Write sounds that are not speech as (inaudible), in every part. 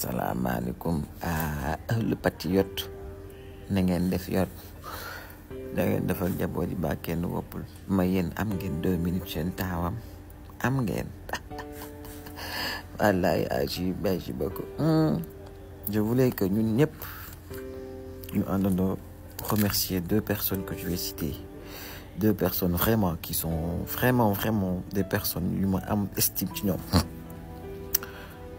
salaamaaleykum ah le patriote na ngeen def yoot da ngeen defal njaboot yi ba kenn woppul ma yéen am ngeen deux minutes seen taawam am ngeen (laughs) wallaay aji baji ba ko hmm. je voulais que ñun ñëpp ñu àndandoo remercier deux personnes que je vais citer deux personnes vraiment qui sont vraiment vraiment des personnes yu ma am estime ci ñoom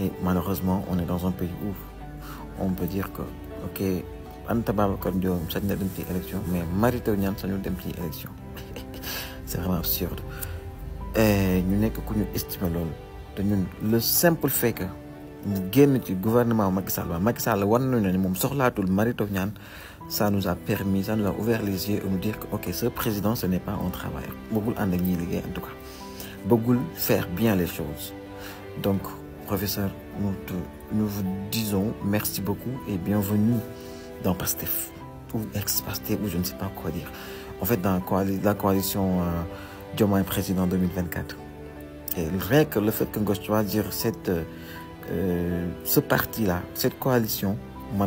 Et malheureusement, on est dans un pays où on peut dire que, ok, Anta comme Diom ça na dem élection mais Mary ça nous sañul dem ci élection (laughs) c'est vraiment absurde Et nous ku que nous estimons te le simple fait que nous gagnons ci gouvernement Macky Sall Macky Sall wan nañu ne moom ça nous a permis ça nous a ouvert les yeux et nous dire que ok ce président ce n'est pas un travail beaucoup en ak en tout cas beaucoup faire bien les choses donc professeur, nous, nous, vous disons merci beaucoup et bienvenue dans PASTEF ou ex-PASTEF ou je ne sais pas quoi dire. En fait, dans la coalition euh, du moins président 2024. Et que le fait que Ngoch dire cette, euh, ce parti-là, cette coalition, me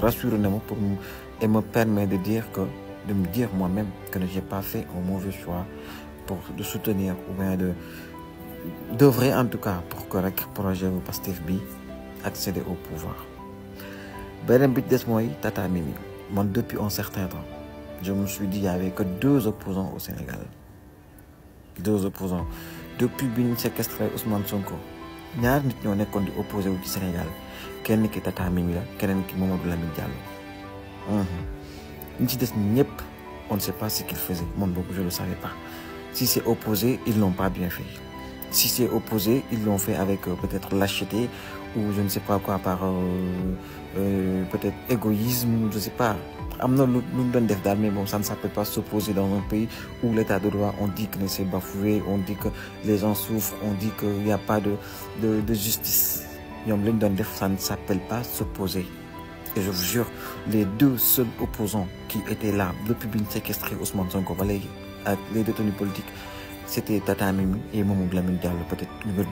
rassure pour nous et me permet de dire que de me dire moi-même que je n'ai pas fait un mauvais choix pour de soutenir ou bien de devrait en tout cas pour que rek projet bu Pastef bi accéder au pouvoir beneen bi des mois Tata Mimi man depuis un certain temps je me suis dit il y avait que deux opposants au Sénégal deux opposants depuis bi ñu séquestré Ousmane Sonko ñaar nit ñoo nekkoon di opposé opposés au Sénégal kenn ki Tata Mimi la kenen ki Mamadou Lamine Diallo mhm. ñi ci des ñep on ne sait pas ce qu'il faisait Moi, je je le savais pas si c'est opposé ils l'ont pas bien fait si c'est opposé, ils l'ont fait avec euh, peut-être lâcheté ou je ne sais pas quoi, par euh, euh, peut-être égoïsme, je ne sais pas. mais bon ça ne s'appelle pas s'opposer dans un pays où l'état de droit on dit que c'est bafoué on dit que les gens souffrent on dit qu'il n'y a pas de de, de justice ça ne s'appelle pas s'opposer et je vous jure les deux seuls opposants qui étaient là depuis public séquestrée séquestré Ousmane Sonko les détenus politiques c'était Tata Mimi et Momou Glamine Diallo peut-être le numéro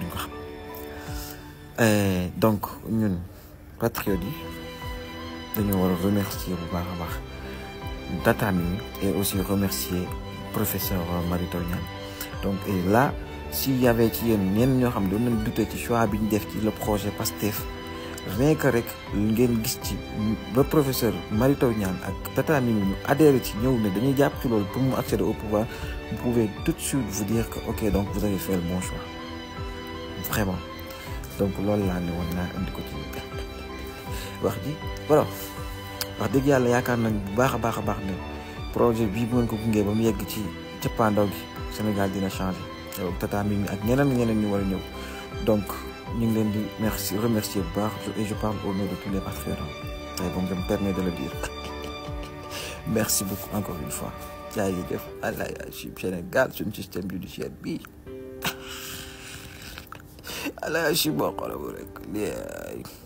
du donc nous, patriotes nous remercions voulons remercier Tata Mimi et aussi remercier professeur Maritonian. donc et là s'il y avait eu un ñenn ñoo xam ne nañ le projet PASTEF rien que rek ngeen gis ci ba professeur Mary Taw Niane ak Tata Mimi ñu adhéré ci ñëw ne dañuy jàpp ci loolu pour mu accéder au pouvoir vous pouvez tout de suite vous dire que ok donc vous avez fait le bon choix vraiment donc loolu laa ne woon naa indi ko ci wax ji voilà wax dëgg yàlla yaakaar nañ bu baax a baax a baax ne projet bii bu ngeen ko gungee ba mu yegg ci cëppaandaw gi Sénégal dina changé Tata Mimi ak ñeneen ñeneen ñu war a ñëw donc merci remercier et je parle au nom de tous les je me permets de le dire (laughs) merci beaucoup encore une fois système judiciaire (laughs)